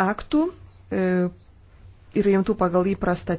aktų e, ir rimtų pagal įprastą